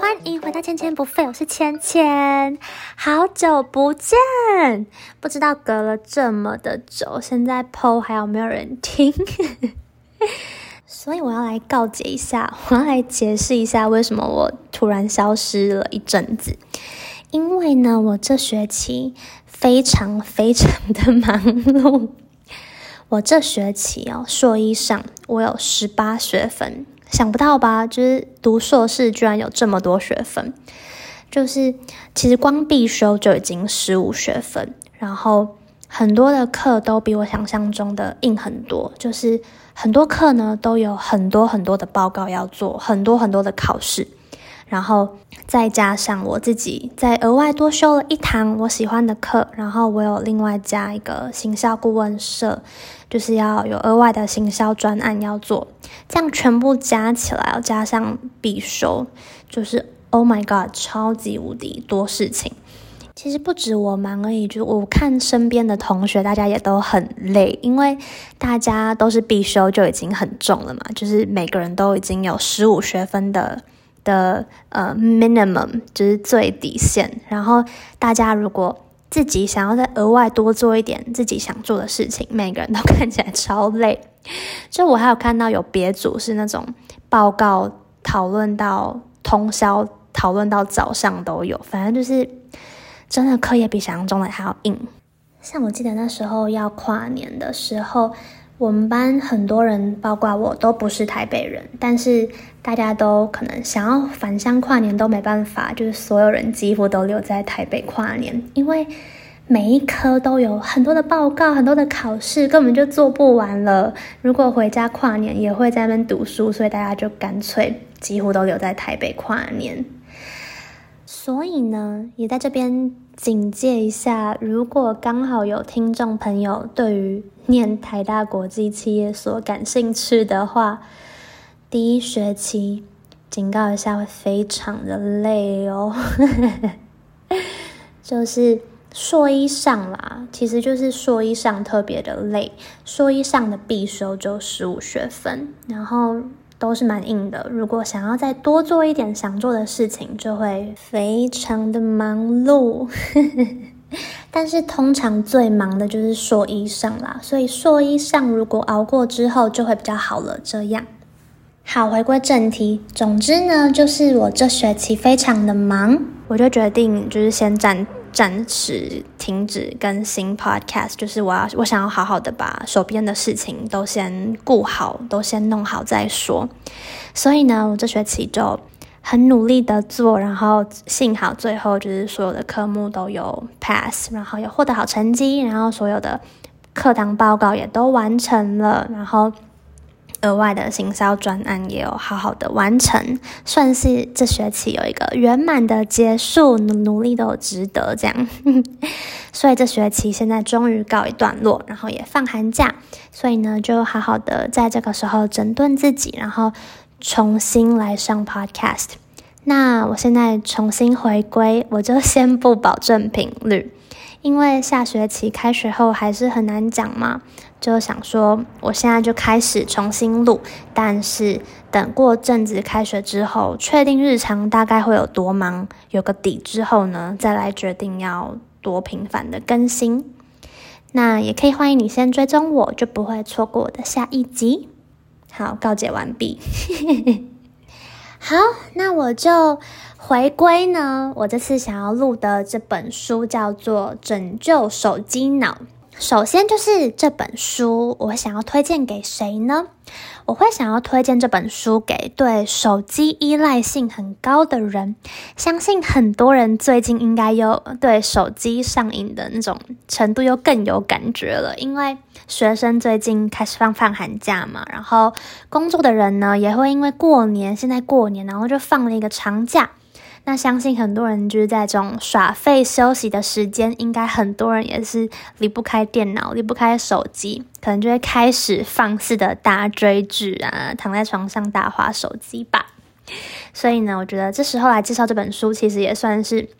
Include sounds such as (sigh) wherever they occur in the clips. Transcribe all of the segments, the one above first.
歡迎回到千千不廢，我是千千，好久不見，不知道隔了這麼的久，現在 PO 還有沒有人聽？ (laughs) 所以我要來告解一下，我要來解釋一下為什麼我突然消失了一陣子，因為呢，我這學期非常非常的忙碌。我這學期哦，碩一上我有十八學分，想不到吧？就是讀碩士居然有這麼多學分，就是其實光必修就已經十五學分，然後很多的課都比我想象中的硬很多，就是很多課呢都有很多很多的報告要做，很多很多的考試。然後再加上我自己，再額外多修了一堂我喜歡的課，然後我有另外加一個行銷顧問社，就是要有額外的行銷專案要做，這樣全部加起來，加上必修，就是 Oh my God，超級無敵多事情。其實不止我忙而已，就我看身邊的同學，大家也都很累，因為大家都是必修就已經很重了嘛，就是每個人都已經有十五學分的。的呃、uh，minimum 就是最底線。然後大家如果自己想要再額外多做一點自己想做的事情，每個人都看起來超累。就我還有看到有別組是那種報告討論到通宵，討論到早上都有。反正就是真的課業比想象中的還要硬。像我記得那時候要跨年的時候。我們班很多人，包括我都不是台北人，但是大家都可能想要返鄉跨年都沒辦法，就是所有人幾乎都留在台北跨年，因為每一科都有很多的報告，很多的考試，根本就做不完了。如果回家跨年也會在那邊讀書，所以大家就乾脆幾乎都留在台北跨年。所以呢，也在這邊警戒一下，如果剛好有聽眾朋友對於念台大國際企業所感興趣的話，第一學期警告一下，會非常的累哦。 (laughs) 就是碩一上啦，其實就是碩一上特別的累，碩一上的必修就十五學分，然後。都是蠻硬的，如果想要再多做一點想做的事情，就會非常的忙碌。 (laughs) 但是通常最忙的就是碩一上啦，所以碩一上如果熬過之後，就會比較好了。這樣，好，回歸正題，總之呢，就是我這學期非常的忙，我就決定就是先暫。暫時停止更新 Podcast，就是我要我想要好好的把手邊的事情都先顧好，都先弄好再說。所以呢，我這學期就很努力的做，然後幸好最後就是所有的科目都有 pass，然後也獲得好成績，然後所有的課堂報告也都完成了，然後。額外的行銷專案也有好好的完成，算是這學期有一個圓滿的結束，努力都有值得這樣。 (laughs) 所以這學期現在終於告一段落，然後也放寒假，所以呢就好好的在這個時候整頓自己，然後重新來上 Podcast。那我現在重新回歸，我就先不保證頻率。因為下學期開學後還是很難講嘛，就想說我現在就開始重新錄，但是等過陣子開學之後，確定日常大概會有多忙，有個底之後呢，再來決定要多頻繁的更新。那也可以歡迎你先追蹤我，就不會錯過我的下一集。好，告解完畢。 (laughs) 好，那我就。回歸呢，我這次想要錄的這本書叫做《拯救手機腦》。首先就是這本書，我想要推薦給誰呢？我會想要推薦這本書給對手機依賴性很高的人。相信很多人最近應該有對手機上癮的那種程度又更有感覺了，因為學生最近開始放放寒假嘛，然後工作的人呢也會因為過年，現在過年然後就放了一個長假。那相信很多人就是在這種耍廢休息的時間，應該很多人也是離不開電腦、離不開手機，可能就會開始放肆的大追劇啊，躺在床上打滑手機吧。所以呢，我覺得這時候來介紹這本書，其實也算是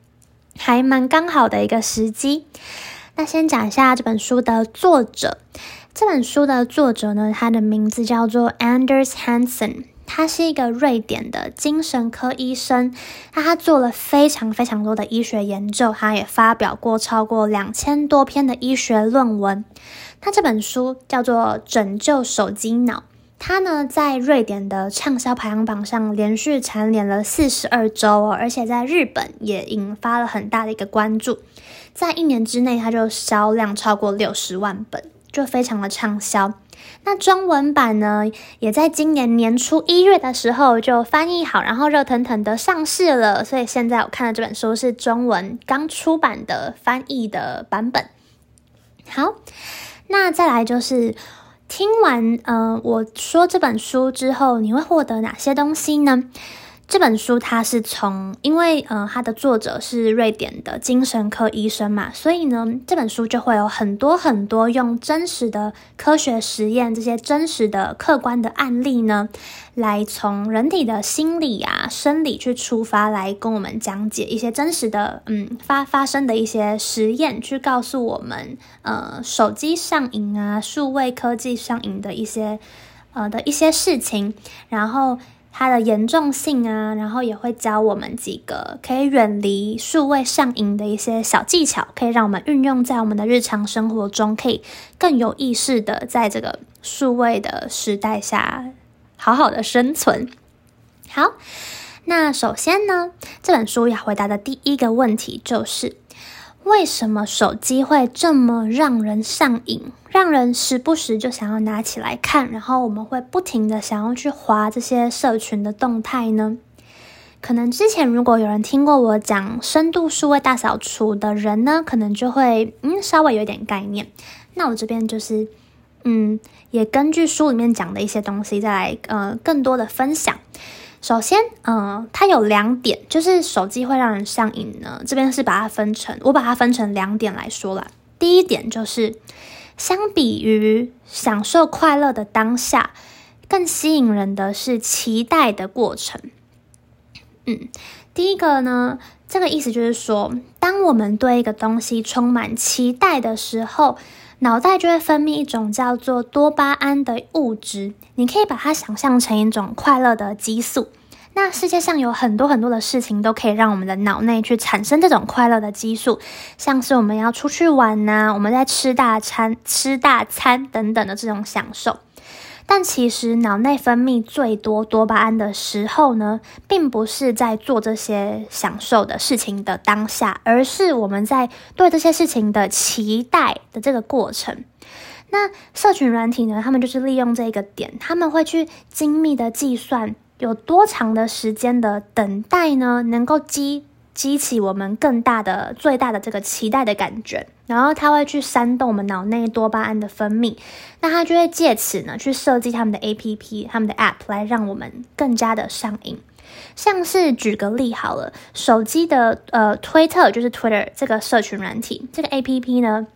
還蠻剛好的一個時機。那先講一下這本書的作者，這本書的作者呢，他的名字叫做 Anders Hansen。他是一個瑞典的精神科醫生，他做了非常非常多的醫學研究，他也發表過超過兩千多篇的醫學論文。他這本書叫做《拯救手機腦》，他呢在瑞典的暢銷排行榜上連續蟬聯了四十二周，而且在日本也引發了很大的一個關注，在一年之內他就銷量超過六十萬本，就非常的暢銷。那中文版呢，也在今年年初一月的時候就翻譯好，然後熱騰騰的上市了。所以現在我看的這本書是中文剛出版的翻譯的版本。好，那再來就是聽完，呃，我說這本書之後，你會獲得哪些東西呢？這本書它是從，因為呃，它的作者是瑞典的精神科醫生嘛，所以呢，這本書就會有很多很多用真實的科學實驗、這些真實的客觀的案例呢，來從人體的心理啊、生理去出發，來跟我們講解一些真實的，嗯，發發生的一些實驗，去告訴我們，呃，手機上癮啊、數位科技上癮的一些，呃的一些事情，然後。它的嚴重性啊，然後也會教我們幾個可以遠離數位上癮的一些小技巧，可以讓我們運用在我們的日常生活中，可以更有意識的在這個數位的時代下好好的生存。好，那首先呢，這本書要回答的第一個問題就是。為什麼手機會這麼讓人上癮，讓人時不時就想要拿起來看？然後我們會不停的想要去滑這些社群的動態呢？可能之前如果有人聽過我講《深度數位大掃除》的人呢，可能就會嗯稍微有點概念。那我這邊就是嗯，也根據書裡面講的一些東西再來呃更多的分享。首先，嗯、呃，它有兩點，就是手機會讓人上癮呢。這邊是把它分成，我把它分成兩點來說啦。第一點就是，相比於享受快樂的當下，更吸引人的是期待的過程。嗯，第一個呢，這個意思就是說，當我們對一個東西充滿期待的時候。腦袋就會分泌一種叫做多巴胺的物質，你可以把它想象成一種快樂的激素。那世界上有很多很多的事情都可以讓我們的腦內去產生這種快樂的激素，像是我們要出去玩呢、啊，我們在吃大餐、吃大餐等等的這種享受。但其實，腦內分泌最多多巴胺的時候呢，並不是在做這些享受的事情的當下，而是我們在對這些事情的期待的這個過程。那社群軟體呢，他們就是利用這個點，他們會去精密的計算有多長的時間的等待呢，能夠激激起我們更大的、最大的這個期待的感覺。然後他會去煽動我們腦內多巴胺的分泌，那他就會借此呢去設計他們的 APP、他們的 App 來讓我們更加的上癮。像是舉個例好了，手機的呃，推特就是 Twitter 這個社群軟體，這個 APP 呢，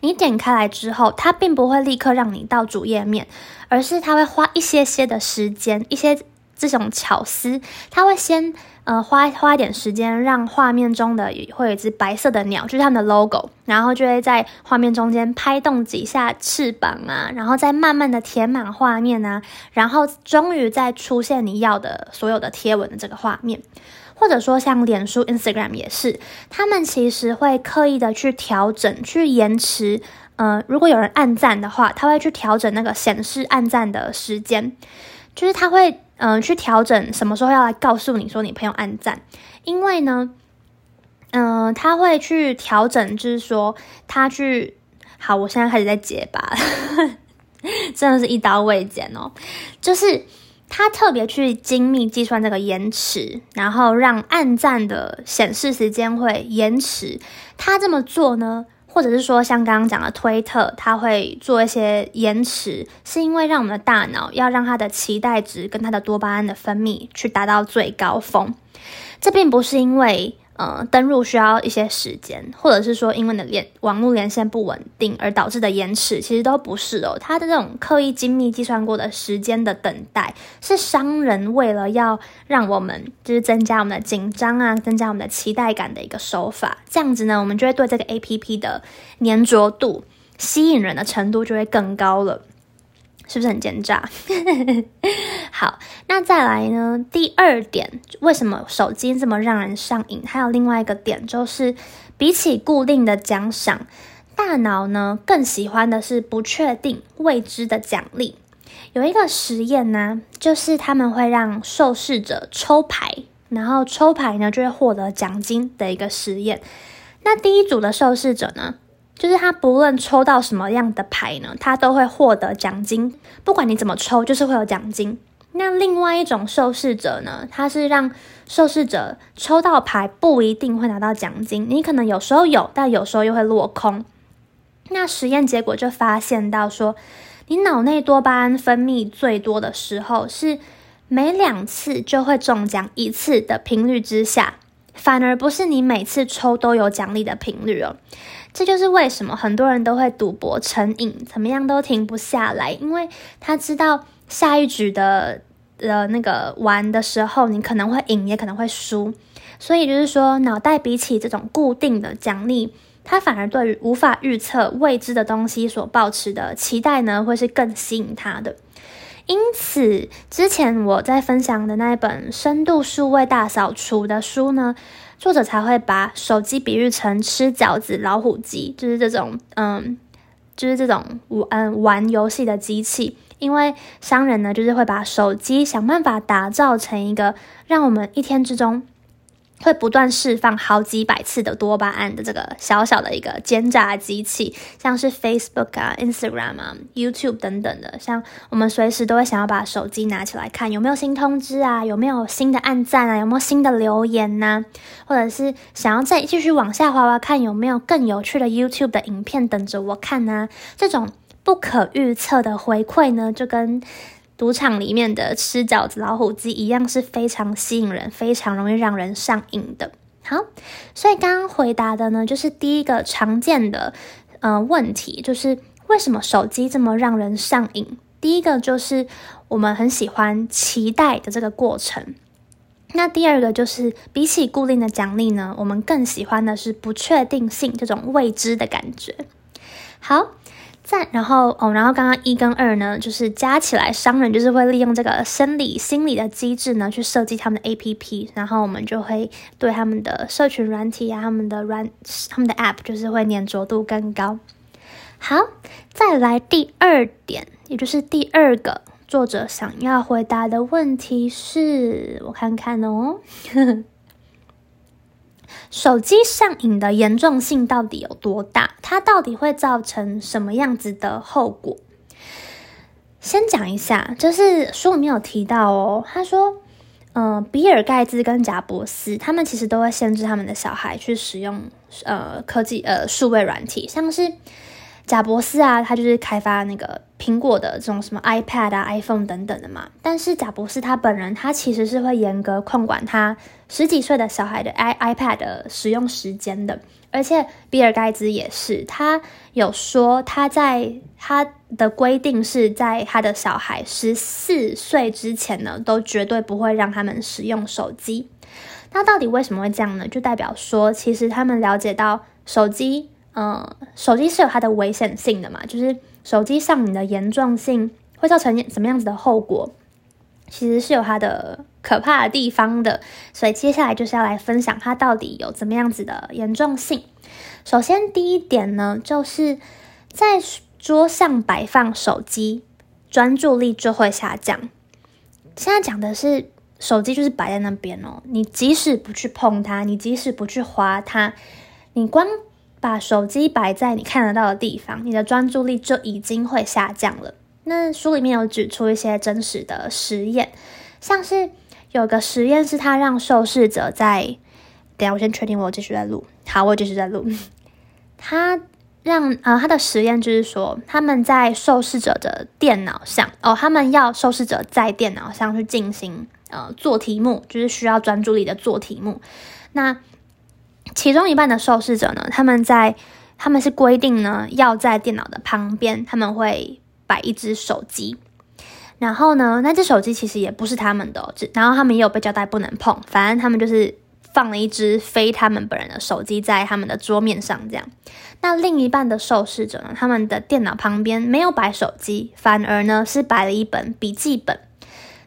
你點開來之後，它並不會立刻讓你到主頁面，而是它會花一些些的時間，一些這種巧思，它會先。呃，花花一點時間，讓畫面中的會有一隻白色的鳥，就是他們的 logo，然後就會在畫面中間拍動幾下翅膀啊，然後再慢慢的填滿畫面啊，然後終於再出現你要的所有的貼文的這個畫面，或者說像臉書、Instagram 也是，他們其實會刻意的去調整，去延遲，呃，如果有人按讚的話，他會去調整那個顯示按讚的時間，就是他會。嗯、呃，去調整什麼時候要來告訴你說你朋友按讚，因為呢，嗯、呃，他會去調整，就是說他去，好，我現在開始在結巴了，真的是一刀未剪哦，就是他特別去精密計算這個延遲，然後讓按讚的顯示時間會延遲，他這麼做呢？或者是說，像剛剛講的推特，它會做一些延遲，是因為讓我們的大腦要讓它的期待值跟它的多巴胺的分泌去達到最高峰。這並不是因為。呃，登入需要一些時間，或者是說因為你的連網絡連線不穩定而導致的延遲，其實都不是哦。它的這種刻意精密計算過的時間的等待，是商人為了要讓我們就是增加我們的緊張啊，增加我們的期待感的一個手法。這樣子呢，我們就會對這個 A P P 的粘着度、吸引人的程度就會更高了。是不是很奸詐？ (laughs) 好，那再來呢？第二點，為什麼手機這麼讓人上癮？還有另外一個點，就是比起固定的獎賞，大腦呢更喜歡的是不確定、未知的獎勵。有一個實驗呢，就是他們會讓受試者抽牌，然後抽牌呢就會獲得獎金的一個實驗。那第一組的受試者呢？就是他不論抽到什麼樣的牌呢，他都會獲得獎金。不管你怎麼抽，就是會有獎金。那另外一種受試者呢，他是讓受試者抽到牌不一定會拿到獎金，你可能有時候有，但有時候又會落空。那實驗結果就發現到說，你腦內多巴胺分泌最多的時候是每兩次就會中獎一次的頻率之下，反而不是你每次抽都有獎勵的頻率哦。這就是為什麼很多人都會賭博成癮，怎麼樣都停不下來，因為他知道下一局的呃那個玩的時候，你可能會贏，也可能會輸，所以就是說，腦袋比起這種固定的獎勵，他反而對於無法預測未知的東西所抱持的期待呢，會是更吸引他的。因此，之前我在分享的那一本《深度數位大掃除》的書呢，作者才會把手機比喻成吃角子老虎機，就是這種嗯，就是這種嗯玩嗯玩遊戲的機器。因為商人呢，就是會把手機想辦法打造成一個讓我們一天之中。會不斷釋放好幾百次的多巴胺的這個小小的一個奸詐機器，像是 Facebook 啊、Instagram 啊、YouTube 等等的，像我們隨時都會想要把手機拿起來看有沒有新通知啊，有沒有新的按讚啊，有沒有新的留言吶、啊，或者是想要再繼續往下滑滑，看有沒有更有趣的 YouTube 的影片等着我看吶、啊，這種不可預測的回饋呢，就跟。賭場裡面的吃角子老虎機一樣是非常吸引人，非常容易讓人上癮的。好，所以剛剛回答的呢，就是第一個常見的呃問題，就是為什麼手機這麼讓人上癮？第一個就是我們很喜歡期待的這個過程。那第二個就是比起固定的獎勵呢，我們更喜歡的是不確定性這種未知的感覺。好。再然後哦，然後剛剛一跟二呢，就是加起來，商人就是會利用這個生理、心理的機制呢，去設計他們的 APP，然後我們就會對他們的社群軟體啊，他們的軟、他們的 App 就是會黏着度更高。好，再來第二點，也就是第二個作者想要回答的問題是，是我看看哦。呵呵手機上癮的嚴重性到底有多大？它到底會造成什麼樣子的後果？先講一下，就是書裡面有提到哦，他說，嗯、呃，比爾蓋茨跟賈伯斯他們其實都會限制他們的小孩去使用呃科技、呃數位軟體，像是。賈伯斯啊，他就是開發那個蘋果的這種什麼 iPad 啊、iPhone 等等的嘛。但是賈伯斯他本人，他其實是會嚴格控管他十幾歲的小孩的 i iPad 的使用時間的。而且比爾蓋茨也是，他有說他在他的規定是在他的小孩十四歲之前呢，都絕對不會讓他們使用手機。那到底為什麼會這樣呢？就代表說，其實他們了解到手機。嗯，手機是有它的危險性的嘛？就是手機上癮的嚴重性會造成什麼樣子的後果？其實是有它的可怕的地方的。所以接下來就是要來分享它到底有怎麼樣子的嚴重性。首先第一點呢，就是在桌上擺放手機，專注力就會下降。現在講的是手機就是擺在那邊哦，你即使不去碰它，你即使不去滑它，你光。把手機擺在你看得到的地方，你的專注力就已經會下降了。那書裡面有指出一些真實的實驗，像是有個實驗是他讓受試者在……等下，我先確定我有繼續在錄。好，我繼續在錄。他讓……啊、呃，他的實驗就是說，他們在受試者的電腦上哦，他們要受試者在電腦上去進行呃做題目，就是需要專注力的做題目。那其中一半的受試者呢，他們在，他們是規定呢，要在電腦的旁邊，他們會擺一隻手機，然後呢，那隻手機其實也不是他們的，哦，然後他們也有被交代不能碰，反正他們就是放了一隻非他們本人的手機在他們的桌面上這樣。那另一半的受試者呢，他們的電腦旁邊沒有擺手機，反而呢，是擺了一本筆記本。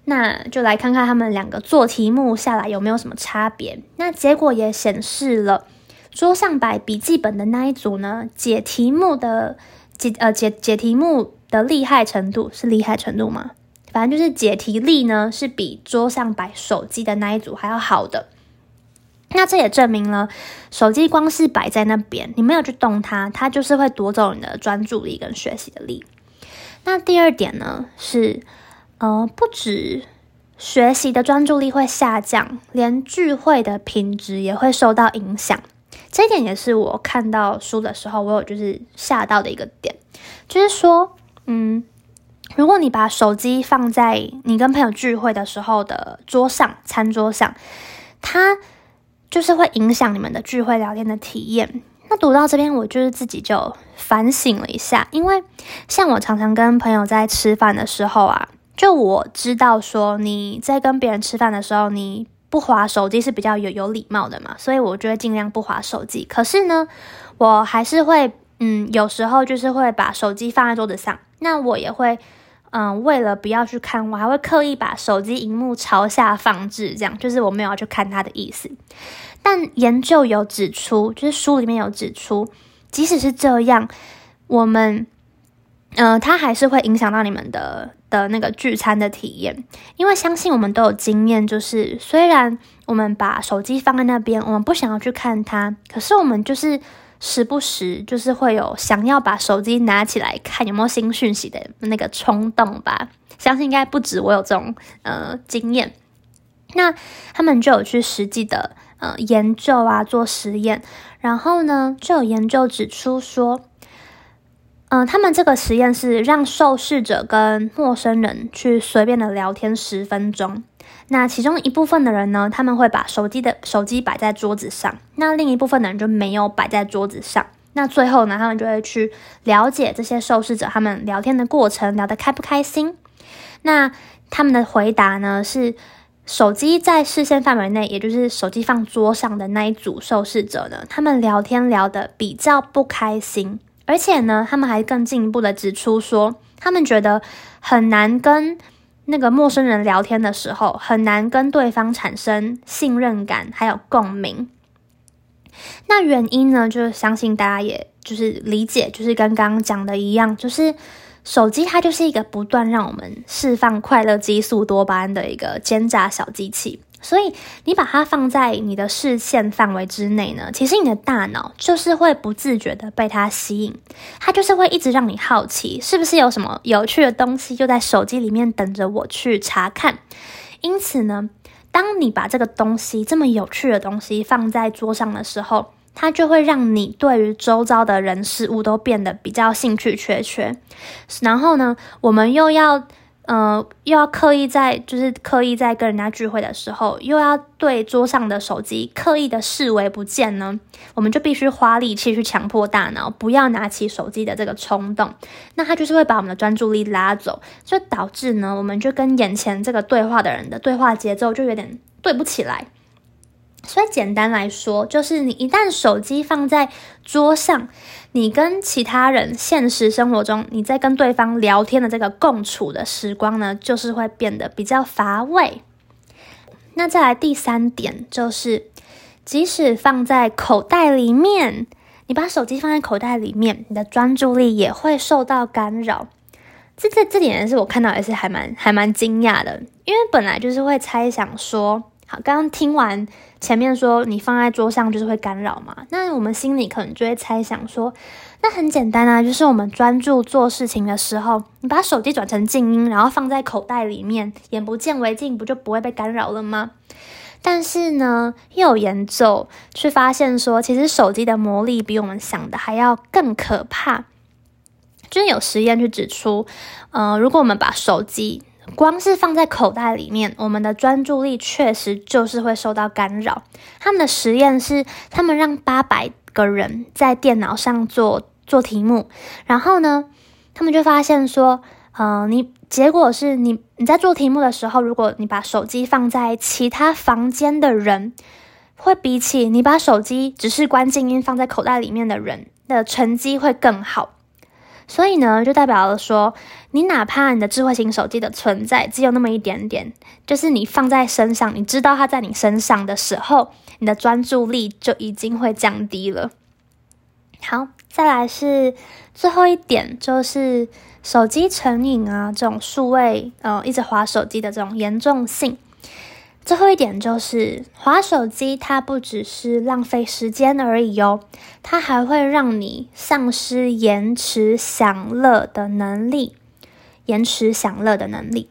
那就來看看他們兩個做題目下來有沒有什麼差別。那結果也顯示了，桌上擺筆記本的那一組呢，解題目的解呃解解題目的厲害程度是厲害程度嗎？反正就是解題力呢是比桌上擺手機的那一組還要好的。那這也證明了，手機光是擺在那邊，你沒有去動它，它就是會奪走你的專注力跟學習的力。那第二點呢是。嗯、呃，不止學習的專注力會下降，連聚會的品質也會受到影響。這一點也是我看到書的時候，我有就是嚇到的一個點，就是說，嗯，如果你把手機放在你跟朋友聚會的時候的桌上、餐桌上，它就是會影響你們的聚會聊天的體驗。那讀到這邊，我就是自己就反省了一下，因為像我常常跟朋友在吃飯的時候啊。就我知道，說你在跟別人吃飯的時候，你不滑手機是比較有有禮貌的嘛，所以我就會盡量不滑手機。可是呢，我還是會，嗯，有時候就是會把手機放在桌子上。那我也會，嗯、呃，為了不要去看，我還會刻意把手機螢幕朝下放置，這樣就是我沒有要去看他的意思。但研究有指出，就是書裡面有指出，即使是這樣，我們。嗯、呃，它還是會影響到你們的的那個聚餐的體驗，因為相信我們都有經驗，就是雖然我們把手機放在那邊，我們不想要去看它，可是我們就是時不時就是會有想要把手機拿起來看有沒有新訊息的那個衝動吧。相信應該不止我有這種呃經驗。那他們就有去實際的呃研究啊，做實驗，然後呢就有研究指出說。嗯、呃，他們這個實驗是讓受試者跟陌生人去隨便的聊天十分鐘。那其中一部分的人呢，他們會把手機的手機擺在桌子上，那另一部分的人就沒有擺在桌子上。那最後呢，他們就會去了解這些受試者他們聊天的過程，聊得開不開心。那他們的回答呢是，手機在視線範圍內，也就是手機放桌上的那一組受試者呢，他們聊天聊得比較不開心。而且呢，他們還更進一步的指出說，他們覺得很難跟那個陌生人聊天的時候，很難跟對方產生信任感，還有共鳴。那原因呢，就是相信大家也就是理解，就是跟剛剛講的一樣，就是手機它就是一個不斷讓我們釋放快樂激素多巴胺的一個奸詐小機器。所以你把它放在你的視線範圍之內呢，其實你的大腦就是會不自覺地被它吸引，它就是會一直讓你好奇，是不是有什麼有趣的東西就在手機裡面等着我去查看。因此呢，當你把這個東西這麼有趣的東西放在桌上的時候，它就會讓你對於周遭的人事物都變得比較興趣缺缺。然後呢，我們又要。呃，又要刻意在，就是刻意在跟人家聚會的時候，又要對桌上的手機刻意的視而不見呢？我們就必須花力氣去強迫大腦不要拿起手機的這個衝動，那它就是會把我們的專注力拉走，就導致呢，我們就跟眼前這個對話的人的對話節奏就有點對不起來。所以簡單來說，就是你一旦手機放在桌上，你跟其他人現實生活中你在跟對方聊天的這個共處的時光呢，就是會變得比較乏味。那再來第三點，就是即使放在口袋裡面，你把手機放在口袋裡面，你的專注力也會受到干擾。這這這點也是我看到也是還蠻還蠻驚訝的，因為本來就是會猜想說。好，剛剛聽完前面說，你放在桌上就是會干擾嘛，那我們心裡可能就會猜想說，那很簡單啊，就是我們專注做事情的時候，你把手機轉成靜音，然後放在口袋裡面，眼不見為淨，不就不會被干擾了嗎？但是呢，又有研究去發現說，其實手機的魔力比我們想的還要更可怕，就是有實驗去指出，嗯、呃，如果我們把手機。光是放在口袋裡面，我們的專注力確實就是會受到干擾。他們的實驗是，他們讓八百個人在電腦上做做題目，然後呢，他們就發現說，呃，你結果是你你在做題目的時候，如果你把手機放在其他房間的人，會比起你把手機只是關靜音放在口袋裡面的人的成績會更好。所以呢，就代表了說，你哪怕你的智慧型手機的存在只有那麼一點點，就是你放在身上，你知道它在你身上的時候，你的專注力就已經會降低了。好，再來是最後一點，就是手機成癮啊，這種數位，呃，一直滑手機的這種嚴重性。最後一點就是，滑手機它不只是浪費時間而已哦，它還會讓你喪失延遲享樂的能力。延遲享樂的能力，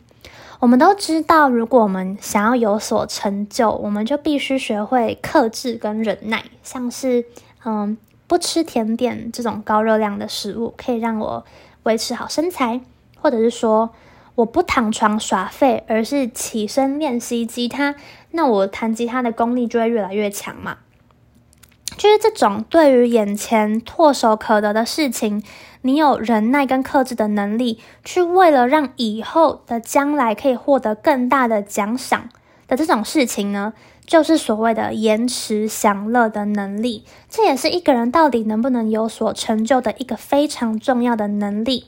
我們都知道，如果我們想要有所成就，我們就必須學會克制跟忍耐，像是嗯，不吃甜點這種高熱量的食物，可以讓我維持好身材，或者是說，我不躺床耍廢，而是起身練習吉他，那我彈吉他的功力就會越來越強嘛。就是這種對於眼前唾手可得的事情，你有忍耐跟克制的能力，去為了讓以後的將來可以獲得更大的獎賞的這種事情呢，就是所謂的延遲享樂的能力。這也是一個人到底能不能有所成就的一個非常重要的能力。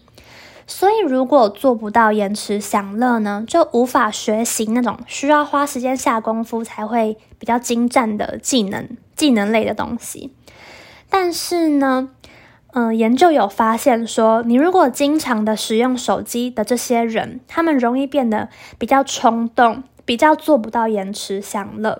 所以，如果做不到延遲享樂呢，就無法學習那種需要花時間下功夫才會比較精湛的技能、技能類的東西。但是呢，嗯、呃，研究有發現說，你如果經常的使用手機的這些人，他們容易變得比較衝動，比較做不到延遲享樂。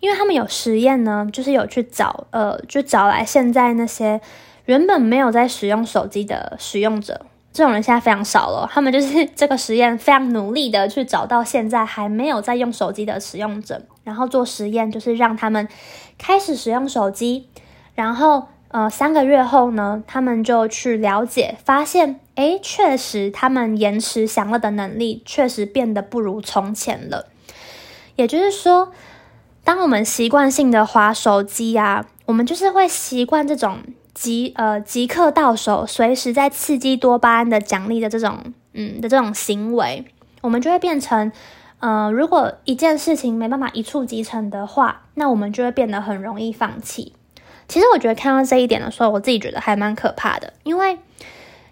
因為他們有實驗呢，就是有去找，呃，就找來現在那些。原本沒有在使用手機的使用者，這種人現在非常少了。他們就是這個實驗非常努力的去找到現在還沒有在用手機的使用者，然後做實驗，就是讓他們開始使用手機，然後呃三個月後呢，他們就去了解，發現誒，確實他們延遲享樂的能力確實變得不如從前了。也就是說，當我們習慣性的滑手機呀、啊，我們就是會習慣這種。即呃，即刻到手，隨時在刺激多巴胺的獎勵的這種嗯的這種行為，我們就會變成呃，如果一件事情沒辦法一觸即成的話，那我們就會變得很容易放棄。其實我覺得看到這一點的時候，我自己覺得還蠻可怕的，因為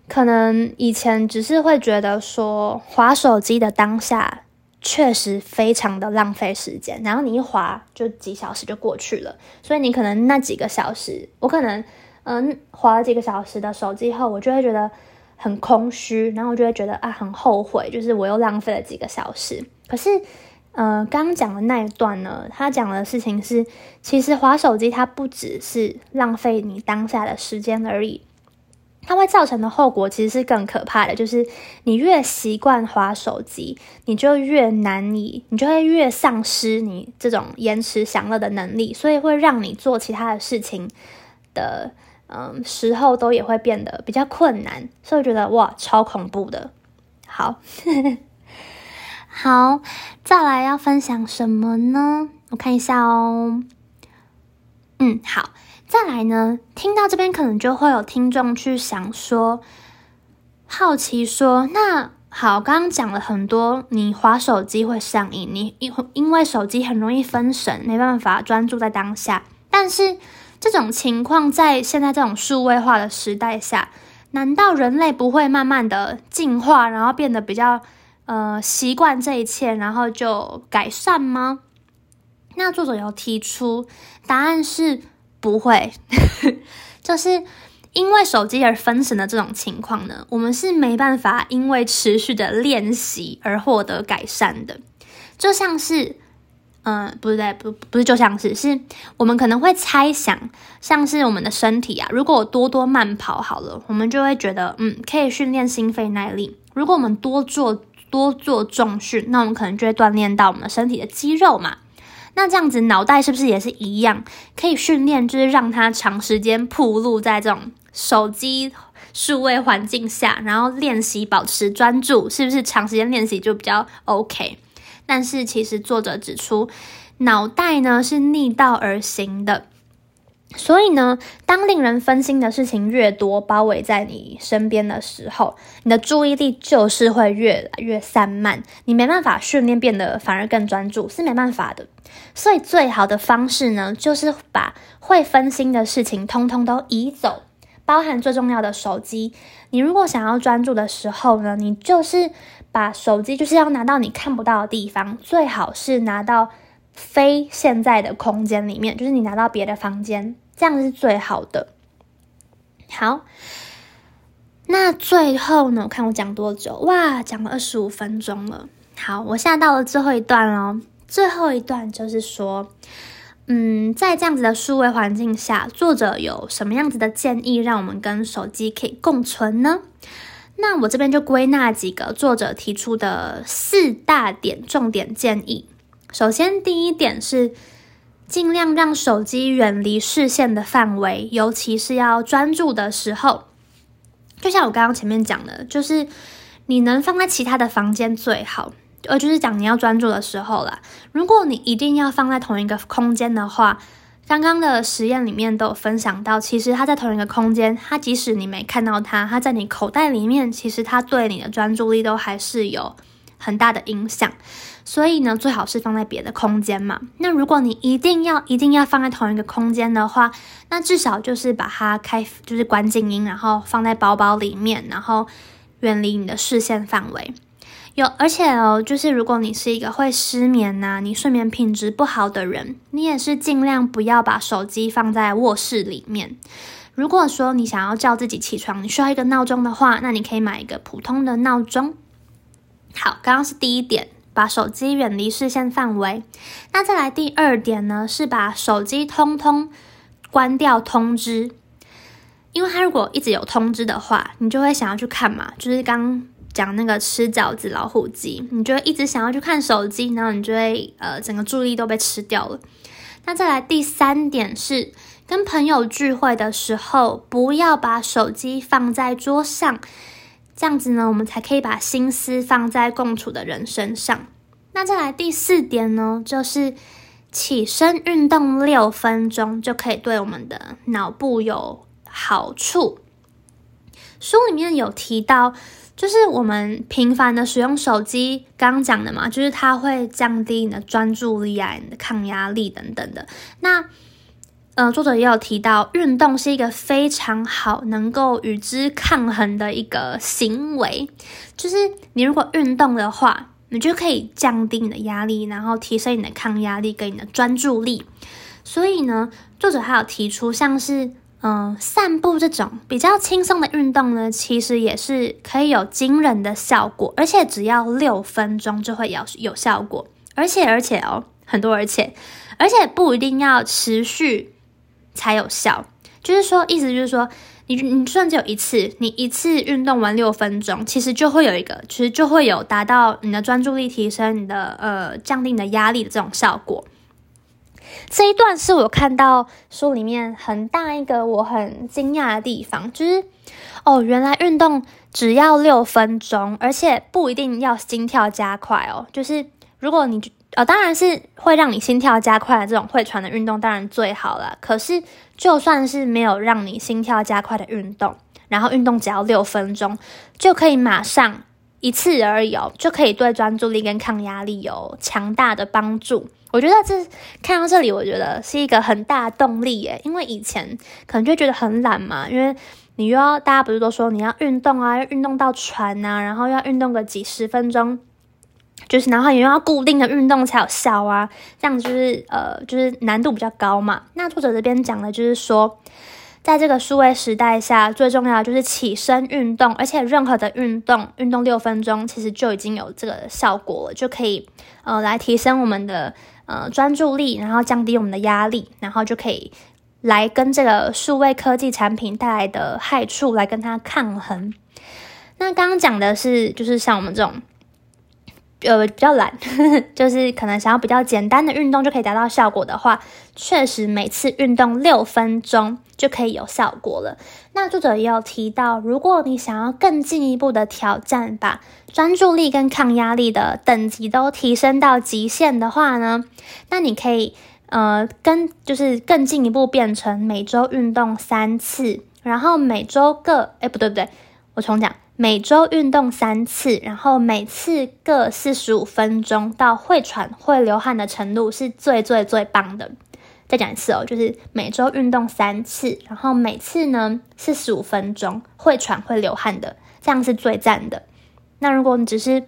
可能以前只是會覺得說滑手機的當下確實非常的浪費時間，然後你一滑就幾小時就過去了，所以你可能那幾個小時我可能。嗯、呃，滑了幾個小時的手機後，我就會覺得很空虛，然後我就會覺得啊，很後悔，就是我又浪費了幾個小時。可是，呃，剛剛講的那一段呢，他講的事情是，其實滑手機它不只是浪費你當下的時間而已，它會造成的後果其實是更可怕的，就是你越習慣滑手機，你就越難以，你就會越喪失你這種延遲享樂的能力，所以會讓你做其他的事情的。嗯，時候都也會變得比較困難，所以我覺得哇，超恐怖的。好， (laughs) 好，再來要分享什麼呢？我看一下哦。嗯，好，再來呢，聽到這邊可能就會有聽眾去想說，好奇說，那好，剛剛講了很多，你滑手機會上癮，你因因為手機很容易分神，沒辦法專注在當下，但是。這種情況在現在這種數位化的時代下，難道人類不會慢慢的進化，然後變得比較呃習慣這一切，然後就改善嗎？那作者有提出答案是不會， (laughs) 就是因為手機而分神的這種情況呢，我們是沒辦法因為持續的練習而獲得改善的，就像是。嗯，不對，不不是，就像是，是我們可能會猜想，像是我們的身體啊，如果多多慢跑好了，我們就會覺得，嗯，可以訓練心肺耐力。如果我們多做多做重訓，那我們可能就會鍛鍊到我們的身體的肌肉嘛。那這樣子，腦袋是不是也是一樣，可以訓練，就是讓它長時間暴露在這種手機數位環境下，然後練習保持專注，是不是長時間練習就比較 OK？但是其實作者指出，腦袋呢是逆道而行的，所以呢，當令人分心的事情越多，包圍在你身邊的時候，你的注意力就是會越來越散漫，你沒辦法訓練變得反而更專注，是沒辦法的。所以最好的方式呢，就是把會分心的事情通通都移走，包含最重要的手機。你如果想要專注的時候呢，你就是。把手機就是要拿到你看不到的地方，最好是拿到非現在的空間裡面，就是你拿到別的房間，這樣是最好的。好，那最後呢，我看我講多久？哇，講了二十五分鐘了。好，我現在到了最後一段哦，最後一段就是說，嗯，在這樣子的數位環境下，作者有什麼樣子的建議，讓我們跟手機可以共存呢？那我這邊就歸納幾個作者提出的四大點重點建議。首先，第一點是盡量讓手機遠離視線的範圍，尤其是要專注的時候。就像我剛剛前面講的，就是你能放在其他的房間最好，而就是講你要專注的時候啦。如果你一定要放在同一個空間的話，剛剛的實驗裡面都有分享到，其實它在同一個空間，它即使你沒看到它，它在你口袋裡面，其實它對你的專注力都還是有很大的影響。所以呢，最好是放在別的空間嘛。那如果你一定要一定要放在同一個空間的話，那至少就是把它開，就是關靜音，然後放在包包裡面，然後遠離你的視線範圍。有，而且哦，就是如果你是一個會失眠吶、啊，你睡眠品質不好的人，你也是盡量不要把手機放在臥室裡面。如果說你想要叫自己起床，你需要一個鬧鐘的話，那你可以買一個普通的鬧鐘。好，剛剛是第一點，把手機遠離視線範圍。那再來第二點呢，是把手機通通關掉通知，因為他如果一直有通知的話，你就會想要去看嘛，就是剛。講那個吃角子老虎機，你就會一直想要去看手機，然後你就會呃，整個注意力都被吃掉了。那再來第三點是，跟朋友聚會的時候，不要把手機放在桌上，這樣子呢，我們才可以把心思放在共處的人身上。那再來第四點呢，就是起身運動六分鐘，就可以對我們的腦部有好處。書裡面有提到。就是我們頻繁的使用手機，剛講的嘛，就是它會降低你的專注力啊，你的抗壓力等等的。那呃，作者也有提到，運動是一個非常好能夠與之抗衡的一個行為。就是你如果運動的話，你就可以降低你的壓力，然後提升你的抗壓力跟你的專注力。所以呢，作者還有提出，像是。嗯、呃，散步這種比較輕鬆的運動呢，其實也是可以有驚人的效果，而且只要六分鐘就會有有效果，而且而且哦，很多而且，而且不一定要持續才有效，就是說，意思就是說，你你就算只有一次，你一次運動完六分鐘，其實就會有一個，其實就會有達到你的專注力提升，你的呃，降低你的壓力的這種效果。這一段是我看到書裡面很大一個我很驚訝的地方，就是哦，原來運動只要六分鐘，而且不一定要心跳加快哦。就是如果你哦，當然是會讓你心跳加快的這種會喘的運動，當然最好了。可是就算是沒有讓你心跳加快的運動，然後運動只要六分鐘，就可以馬上一次而已、哦，就可以對專注力跟抗壓力有強大的幫助。我覺得這看到這裡，我覺得是一個很大的動力耶。因為以前可能就會覺得很懶嘛，因為你又要大家不是都說你要運動啊，要運動到喘啊，然後要運動個幾十分鐘，就是然後你又要固定的運動才有效啊，這樣就是呃就是難度比較高嘛。那作者這邊講的就是說，在這個數位時代下，最重要就是起身運動，而且任何的運動，運動六分鐘其實就已經有這個效果了，就可以呃來提升我們的。呃，專注力，然後降低我們的壓力，然後就可以來跟這個數位科技產品帶來的害處來跟它抗衡。那剛剛講的是，就是像我們這種。呃，比較懶呵呵，就是可能想要比較簡單的運動就可以達到效果的話，確實每次運動六分鐘就可以有效果了。那作者也有提到，如果你想要更進一步的挑戰，把專注力跟抗壓力的等級都提升到極限的話呢，那你可以呃，跟就是更進一步變成每周運動三次，然後每周各哎，欸、不對不對，我重講。每週運動三次，然後每次各四十五分鐘，到會喘會流汗的程度是最最最棒的。再講一次哦，就是每週運動三次，然後每次呢四十五分鐘，會喘會流汗的，這樣是最讚的。那如果你只是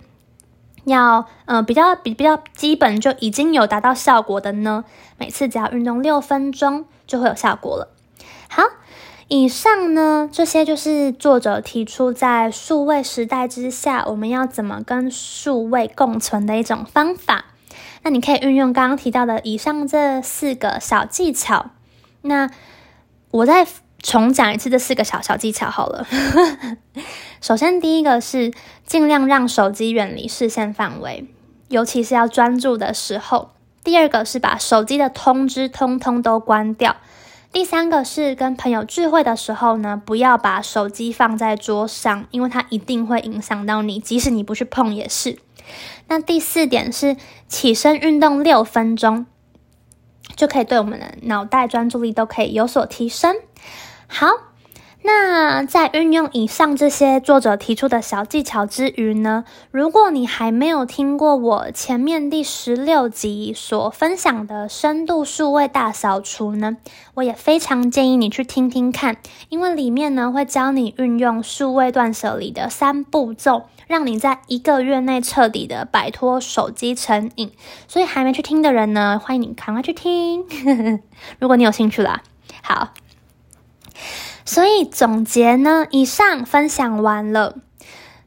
要嗯、呃、比較比比較基本就已經有達到效果的呢，每次只要運動六分鐘就會有效果了。好。以上呢，這些就是作者提出在數位時代之下，我們要怎麼跟數位共存的一種方法。那你可以運用剛剛提到的以上這四個小技巧。那我再重講一次這四個小小技巧好了。 (laughs) 首先，第一個是儘量讓手機遠離視線範圍，尤其是要專注的時候。第二個是把手機的通知通通都關掉。第三個是跟朋友聚會的時候呢，不要把手機放在桌上，因為它一定會影響到你，即使你不去碰也是。那第四點是起身運動六分鐘，就可以對我們的腦袋專注力都可以有所提升。好。那在運用以上這些作者提出的小技巧之餘呢，如果你還沒有聽過我前面第十六集所分享的深度數位大掃除呢，我也非常建議你去聽聽看，因為裡面呢會教你運用數位斷舍離的三步驟，讓你在一個月內徹底的擺脫手機成癮。所以還沒去聽的人呢，歡迎你趕快去聽， (laughs) 如果你有興趣啦，好。所以總結呢，以上分享完了。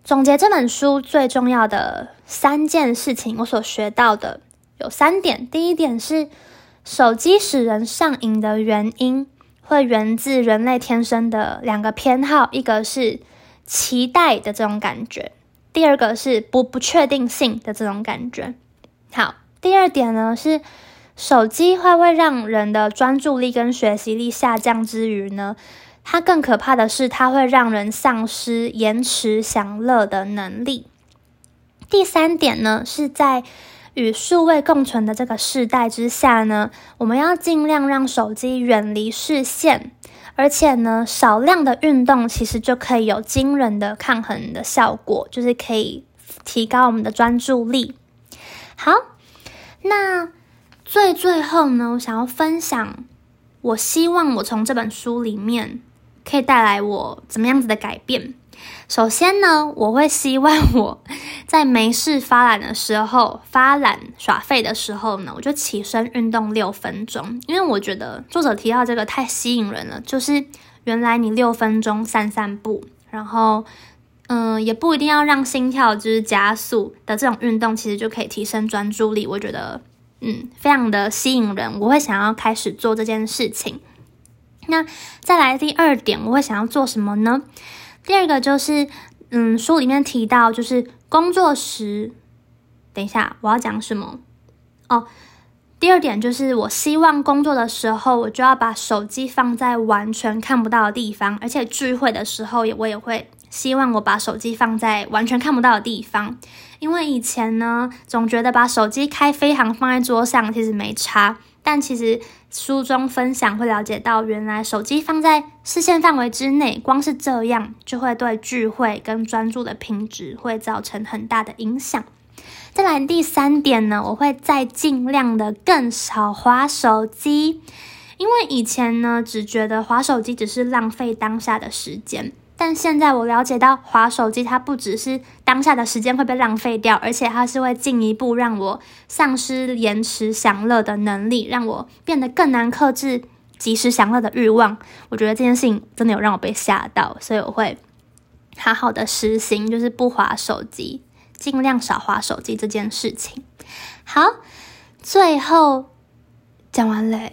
總結這本書最重要的三件事情，我所學到的有三點。第一點是手機使人上癮的原因，會源自人類天生的兩個偏好，一個是期待的這種感覺，第二個是不不確定性的這種感覺。好，第二點呢，是手機會不會讓人的專注力跟學習力下降之餘呢。它更可怕的是，它會讓人喪失延遲享樂的能力。第三點呢，是在與數位共存的這個世代之下呢，我們要盡量讓手機遠離視線，而且呢，少量的運動其實就可以有驚人的抗衡的效果，就是可以提高我們的專注力。好，那最最後呢，我想要分享，我希望我從這本書裡面。可以帶來我怎麼樣子的改變？首先呢，我會希望我在沒事發懶的時候、發懶耍廢的時候呢，我就起身運動六分鐘。因為我覺得作者提到這個太吸引人了，就是原來你六分鐘散散步，然後嗯、呃，也不一定要讓心跳就是加速的這種運動，其實就可以提升專注力。我覺得嗯，非常的吸引人，我會想要開始做這件事情。那再來第二點，我會想要做什麼呢？第二個就是，嗯，書裡面提到，就是工作時，等一下我要講什麼哦。第二點就是，我希望工作的時候，我就要把手機放在完全看不到的地方，而且聚會的時候，我也會希望我把手機放在完全看不到的地方，因為以前呢，總覺得把手機開飛行放在桌上，其實沒差，但其實。書中分享會了解到，原來手機放在視線範圍之內，光是這樣就會對聚會跟專注的品質會造成很大的影響。再來第三點呢，我會再盡量的更少滑手機，因為以前呢，只覺得滑手機只是浪費當下的時間。但現在我了解到，滑手機它不只是當下的時間會被浪費掉，而且它是會進一步讓我喪失延遲享樂的能力，讓我變得更難克制即時享樂的慾望。我覺得這件事情真的有讓我被嚇到，所以我會好好的實行，就是不滑手機，盡量少滑手機這件事情。好，最後講完了。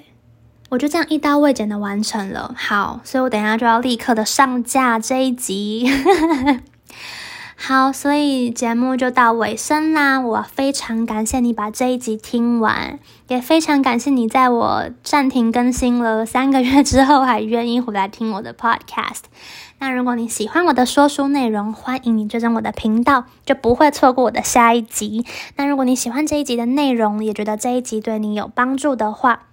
我就這樣一刀未剪，的完成了。好，所以我等一下就要立刻的上架這一集。 (laughs) 好，所以節目就到尾聲啦。我非常感謝你把這一集聽完，也非常感謝你在我暫停更新了三個月之後還願意回來聽我的 podcast。那如果你喜歡我的說書內容，歡迎你追蹤我的頻道，就不會錯過我的下一集。那如果你喜歡這一集的內容，也覺得這一集對你有幫助的話，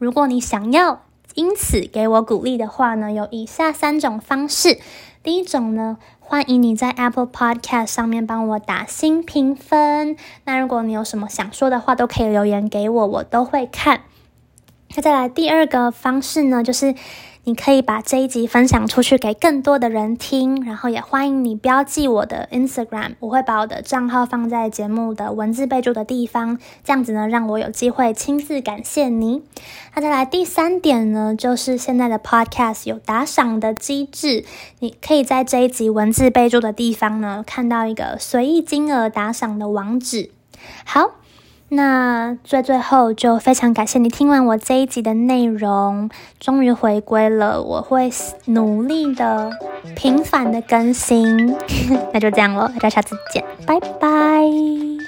如果你想要因此給我鼓勵的話呢，有以下三種方式。第一種呢，歡迎你在 Apple Podcast 上面幫我打星評分。那如果你有什麼想說的話，都可以留言給我，我都會看。再再來第二個方式呢，就是。你可以把這一集分享出去給更多的人聽，然後也歡迎你標記我的 Instagram，我會把我的賬號放在節目的文字備註的地方，這樣子呢，讓我有機會親自感謝你。那再來第三點呢，就是現在的 Podcast 有打賞的機制，你可以在這一集文字備註的地方呢，看到一個隨意金額打賞的網址。好。那最最後，就非常感謝你聽完我這一集的內容，終於回歸了。我會努力的、頻繁的更新， (laughs) 那就這樣咯，大家下次見，拜拜。